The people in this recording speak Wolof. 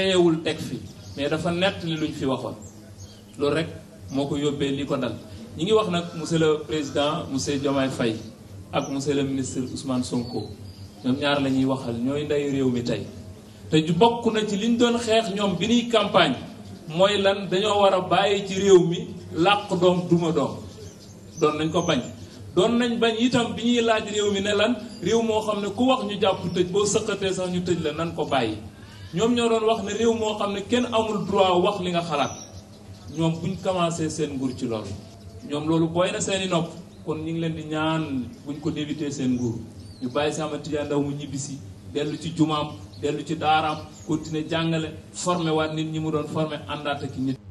teewul teg fi mais dafa nett li luñ fi waxoon loolu rek moo ko yóbbee li ko dal ñi ngi wax nag monsieur la président monsieur Diomaye fay ak monsieur le ministre Ousmane Sonko ñoom ñaar la ñuy waxal ñooy ndeyu réew mi tey te bokk na ci liñ doon xeex ñoom bi ñuy campagne mooy lan dañoo war a bàyyi ci réew mi làq doom duma doom doon nañ ko bañ doon nañ bañ itam bi ñuy laaj réew mi ne lan réew moo xam ne ku wax ñu jàpp tëj boo sëqatee sax ñu tëj la nan ko bàyyi ñoom ñoo doon wax ne réew moo xam ne kenn amul droit wax li nga xalaat ñoom buñ commencé seen nguur ci lool ñoom loolu booy na seen i nopp kon ñu ngi leen di ñaan buñ ko débité seen nguur ñu bàyyi sama tijaan ndaw mu ñibbisi dellu ci jumaam dellu ci daaraam continuer jàngale former waat nit ñi mu doon former àndaat ak nit